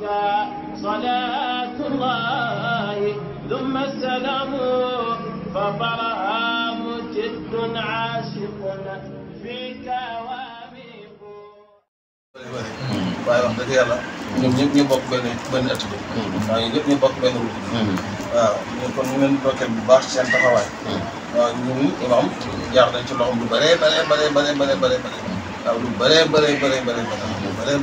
عليك صلاة الله ثم السلام فبرهام جد عاشق فيك واميق waaye wax dëgg yàlla ñoom ñëpp ñu bokk benn benn at bi waaw ñëpp ñu bokk benn wut waaw ñun kon ñu leen dokkeel bu baax ci seen taxawaay waaw ñun imam jaar nañ ci loxom lu bëree bëree bëree bëree bëree bëree waaw lu bëree bëree bëree bëree bëree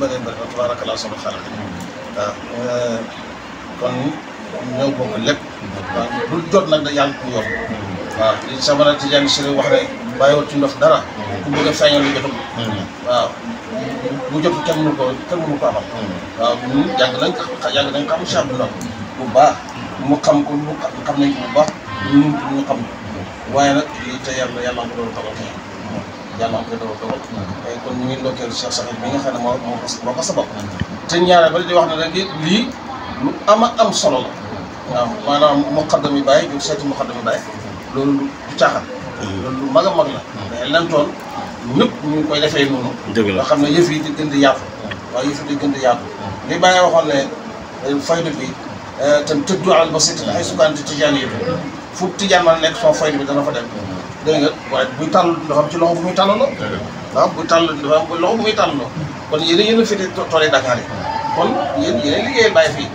bëree bëree bëree bëree bëree bëree bëree bëree bëree bëree bëree bëree bëree bëree waaw euh, kon ñoo bokk lépp. waaw bu jot nag da yàlla ko yomb. waaw li Samara wax rek bàyyiwul ci ndox dara. ku bëgg a feeñal lu jotul. waaw bu jotul kenn mënu ko kenn mënu ko amal. waaw ñun yàgg nañ yàgg nañ xam Cheikh Abdoulaye bu baax mu xam ko mu xam nañ yu bu baax ñu ñu xam waaye nag lii te yàlla yàlla am ko doon dogal yàlla am ko doon dogal. kon ñu ngi ndokkeel Cheikh Sakhir bi nga xam ne moo moo ko sabab. te ñaareel ba di wax ne rek lii lu ama am solo la waaw maanaam muqaddam yi bàyyi jóg seeti muqaddam yi bàyyi loolu du caaxaan mm-hmm. loolu lu mag a mag la mais lentoon ñëpp ñu ngi koy defee noonu nga xam ne yëf yi di gën di yaatu waaye yëf yi di gën di yaatu li bàyyi waxoon ne euh, fayda bi euh, te tëddu alal ba sit ay sukkanti tijaan yi fu tijaan man nekk soo fayda bi dana fa dem dégg nga waaye buy tàll dafa am ci loxo bu muy tàllaloo waaw buy tàll dafa am bu muy tàllaloo kon yéen a yéen a féetee tool yi Dakar yi kon yéen yéen liggéey bàyyi fii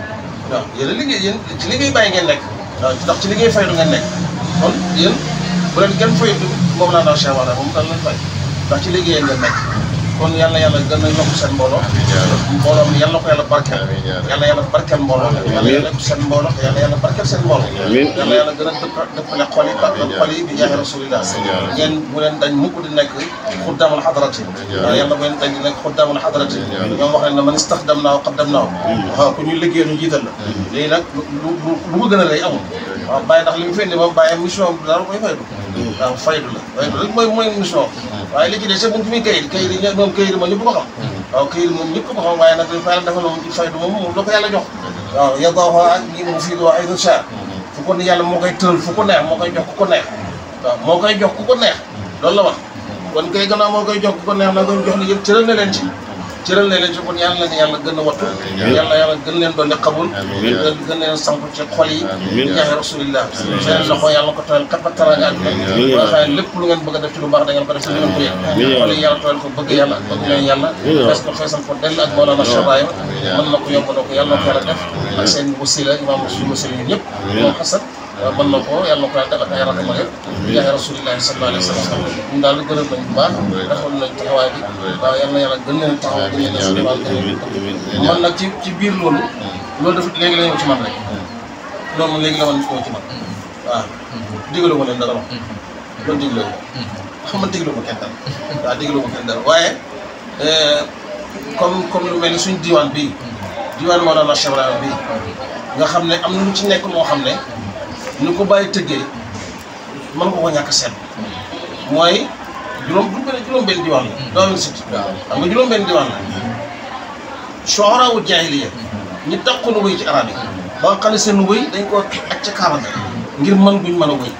waaw yéen liggéey yéen ci liggéey bay ngeen nekk waaw ci liggéey faydu ngeen nekk kon yéen bu leen kenn faydu moom laa ndaw Cheikh Wade moom daal leen fay ci liggéey ngeen nekk kon yàlla yàlla gën a yokk seen mbooloo mbooloo mi yàlla ko yàlla barkeel yàlla yàlla barkeel mbooloo yàlla yàlla seen mbooloo yàlla yàlla barkeel seen mbooloo yàlla yàlla gën a dëpp dëppale xol yi barkeel xol yi bi jaaxe rasulillah ngeen bu leen dañ mukk di nekk xuddaamal xadarati waaw yàlla bu leen dañ di nekk xuddaamal xadarati ñoom wax ne na man istaxdam naa xaddam naa waaw ku ñu liggéey ñu jiital la léegi nag lu lu ma gën a lay amul waaw bàyyi ndax li mu fay ne ba bàyyi mission dara koy fay waaw faydu la faydu rek mooy mooy mission waaye li ci des buñ fi muy kayit kayit yi moom kayit moom ñëpp ko xam waaw kayit moom ñëpp ko xam waaye nag yàlla dafa moom ci faydu ko yàlla jox waaw yadaahu liman yuriidu ay rsa fu ko yàlla moo koy tëral fu ko neex moo koy jox ku ko neex moo koy jox ku ko neex loolu la wax kon kay gannaaw moo koy jox ku ko neex na koy jox ni yëpp tëral na leen ci cëral na leen ci yàlla na yàlla gën a wattu yàlla yàlla gën leen doon di xamul gën ci xol yi yaaxe rasulillah seen loxo yàlla ko tawel kat ba taraanga àdduna ba xam ne lépp lu ngeen bëgg a def ci lu baax da ngeen ko def ci lu ngeen ko yi yàlla tawel ko bëgg moom xasan Euh, mën na ko yàlla na ko yàlla defal ay rakama yëpp di jaay rasulillahi sallallahu alayhi na yàlla gën leen taxaw gën leen suturaal gën leen man nag ci ci biir loolu loolu dafa léegi la ñëw ci man rek loolu léegi la ci man waaw digalu ma leen dara wax loolu digalu ma xam nga digalu ma kenn dara waaw digalu ma kenn dara waaye euh, comme comme lu mel ni suñu diwaan bii diwaan Mawlana Cheikh Ibrahima bii nga xam ne am na lu ci nekk moo xam ne ñu ko bàyyi tëggee mën koo ko ñàkk seet mooy juróom benn diwaan la. doo leen sit xam nga juróom-benn diwaan la soxoraawu jaahiliya ñu takkoon wëy ci arab yi ba nga xam ne seen wëy dañ koo ak ca kaaba ga ngir mën buñ mën a wëy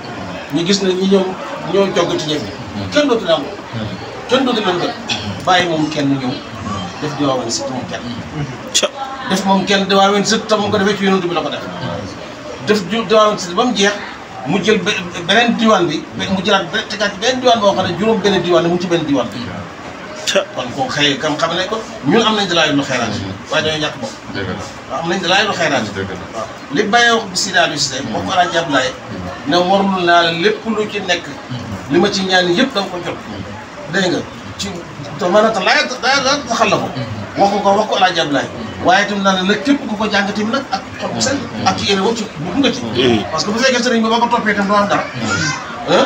ñu gis ne ñi ñëw ñoo jogg ci ñëpp kenn dootu leen am kenn dootu leen bàyyi moom kenn ñëw def diwaan sit moom kenn def moom kenn diwaan sit tam mu ko defee ci yonent bi la ko def def diwaan si ba mu jeex mu jël beneen diwaan bi mu jëlaat benn tegaat ci beneen diwaan boo benn diwaan mu ci benn diwaan bi kon koo xëy kam xam ne ko ñun am nañ dalaayu lu xeeraan waaye dañoo ñàkk bopp waaw am nañ dalaayu lu xeeraan waaw li bàyyee wax bi si daal yu si moo ko war a jàppale ne warul naa lépp lu ci nekk li ma ci ñaan yëpp danga nga ko jot dégg nga ci maanaam ta laay daa taxal la ko wax ko ko wax ko alaa jàppale waaye itam naan nag képp ku ko jàng tamit nag ak xol bu sell ak ci yéene woo ci bu nga ci eh. parce que bu fekkee sëriñ bi boo ko toppee itam doo am dara eh?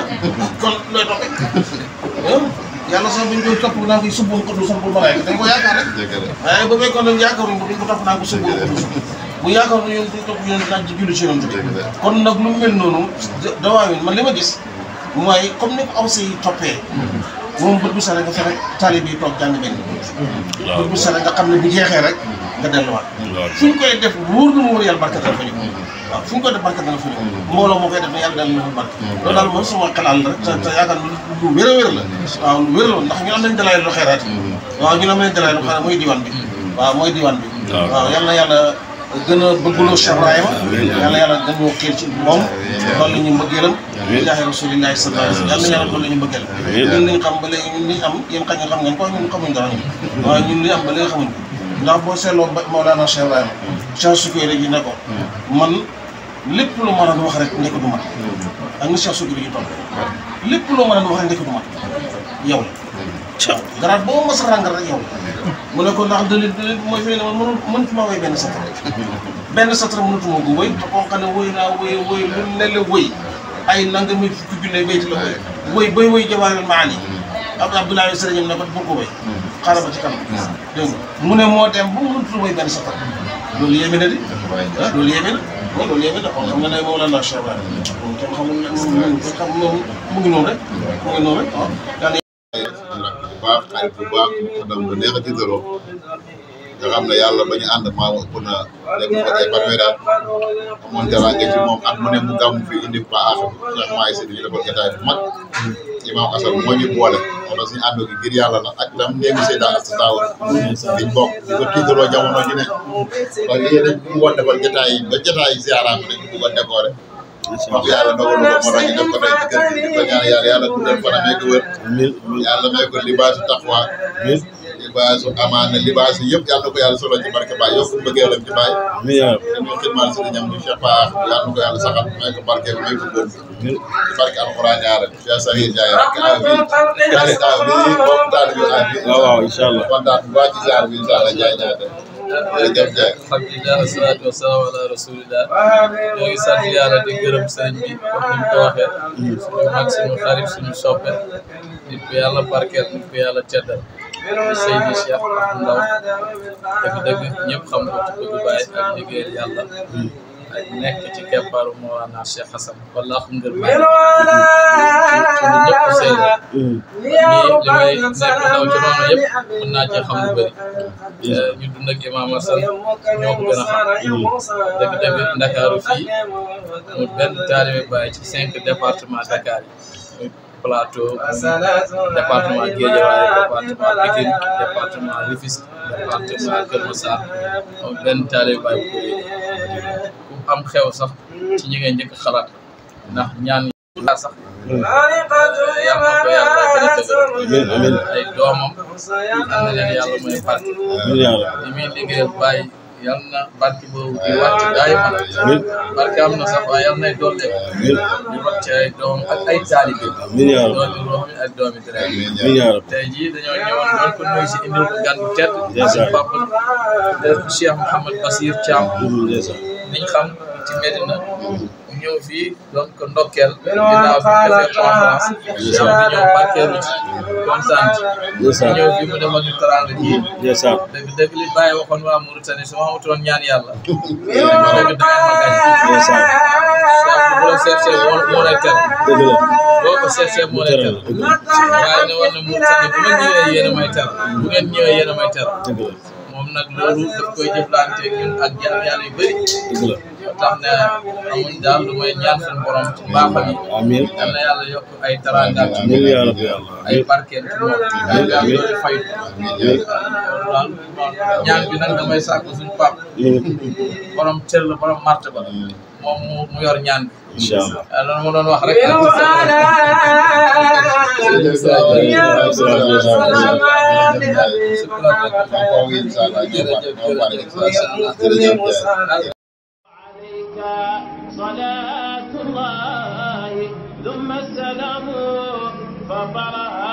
kon looy toppee eh? yàlla sax buñ koy topp naa koy subboon ko du subboon ba waaye dañ ko yaakaar rek waaye ba fekkoon nag yaakaaruñ ko duñ ko topp naa ko subboon ko du bu yaakaar na yoon duñ topp yoon naaj ji julli ci yoon bi kon nag lu mel noonu dawaa man li ma gis mooy comme ni ko aw say toppee moom bët bu sare nga fexe taalib yi toog jàng benn waaw bët bu sare nga xam ne bu rek nga delluwaat fu ñu koy def wóor na mu wóor yàlla barke dana fa ñëw waaw fu ñu koy def barke dana fa ñëw mbooloo moo koy def yàlla dana fa barke loolu daal mooy suma xalaat la te te yaakaar lu wér a waaw lu ndax ñu am nañ dalaay lu xeeraat mm-hmm. waaw ñu am nañ dalaay lu xeeraat mooy diwaan bi mm-hmm. waaw mooy diwaan bi waaw yàlla yàlla gën a bëggloo Cheikh Ibrahima yàlla yàlla gën woo xiir ci moom loolu la ñu mbëggeelam jaaxe rasulillahi sallallahu alayhi wa sallam yàlla yàlla loolu la ñu mbëggeelam ñun liñ xam ba léegi ñun liñ am yéen xañ nga xam ngeen ko ñun xamuñ dara ñu waaye ñun liñ am ba léegi xamuñ ko ndax boo seetloo Mawlana Cheikh Ibrahima Cheikh Soukouré yi ne ko man lépp lu ma doon wax rek nekk du mat nga Cheikh Soukouré lépp lu ma doon wax rek nekk du mat yow garaat boo mos a ràngal rek yow. mu ne ko ndax dëlit dëlit mooy fii ne man mënul mënut maa woy benn satara benn satara mënatu ma ko woy te koo xam ne woy naa woy woy lu ne la woy ay nangami fukki junne béyti la woy woy bay woy jawaaril maani ab abdoulaye sëriñam ne ko pour ko woy xaaral ba ci kanam dégg nga mu ne moo dem ba mënatu woy benn satara loolu yéeme na di ah, loolu yéeme na waaw oh, loolu yëpp dafa xam nga ne moom la ndax Cheikh Bara moom itam xamul ne moom mu ngi noonu rek mu ngi noonu rek waaw ah. baax xarit bu baax xadam bu neex a tiitaroo nga xam ne yàlla ba ñu ànd maa ëpp na nekk ko ay fanweeri at moom at mu ne mu gàmm fi indi pa axam ndax maa ngi si ñu defal état bu mag imaam asal moo ñu boole moo tax suñu àndoo gi ngir yàlla la ak tam néegu sey daa sa taawal liñ bokk di ko tiitaroo jamono ji ne kon lii dañ bu woon defal jotaay ba jotaay ziaraam dañ a décorer wax yàlla dogalu ko moo ñaan yàlla yàlla dundal a may ko wër yàlla may ko libaasu taqwa a libaasu yëpp yàlla na ko yàlla solo ci barke baay yokk mbëggeelam ci baay dañoo xidmaal si dañam na ko yàlla saxal may ko barke may ko góor ci barke alxuraan ñaara ya sahir jaay rakk a bi kale a bi moom daal bi a bi alhamdulilah asalaatu wasalaam ala rasulillah ñoo ngi sant yàlla di gërëm sëriñ bi comme ni mu ko waxee suñu mag suñu xarit suñu soppe nit ku yàlla barkeel nit ku yàlla teddal Seydi Cheikh Abdou Ndaw dëgg-dëgg ñëpp xam ko ci bëgg bàyyi ak liggéeyal yàlla ak nekk ci keppaaru Mawlana Cheikh Hassan wallaahu ngir ma sunu ñëpp seen may nekk ndaw ci noonu yëpp mën naa ci xam lu bëri ñu dund ak Imam Hassan ñoo ko gën a xam dëgg dëgg Ndakaaru fii mu benn taalibe bàyyi ci cinq département Dakar yi plateau département Guédiawaye département Pikine département Rufisque département Kër Massar am xew sax ci ñi ngay njëkk xalaat ndax ñaan la sax yal na ko yàlla gën a dëgëral ay doomam yal na leen yàlla mooy barke li muy liggéeyal bàyyi yal na barke boobu di wàcc daay man barke am na sax waaye yal nay dolleeku di wàcc ay doom ak ay taalibe doon di roxmi ak doomi dërëm tey jii dañoo ñëwoon doon ko nuyu si indil ko gan bu tedd suñu papa Cheikh Mouhamed Basir Thiam niñ xam ci Medina ñu ñëw fii donc ndokkeel ginnaaw bi defee conférence ñu ñëw barkeelu ci kontaan ci ñu ñëw fii mu demal ñaan yàlla dëgg dëgg dangeen ma gañ soo ko seetsee moo moo lay tel boo ko seetsee moo lay tel waaye ne war na a moom nag loolu daf koy jëflante ñun ak jaam yàlla yu bëri. dëgg la tax na amuñ daal lu may borom ci baaxam yi. amiin ay taranga. amiin yaa rabbi yàlla ay barkeel ci moom. amiin amiin daal fay. pap borom cër borom màrt ba. moom mu yor ñaan bi. incha allah waaw loolu ma doon wax rek. jërëjëf jërëjëf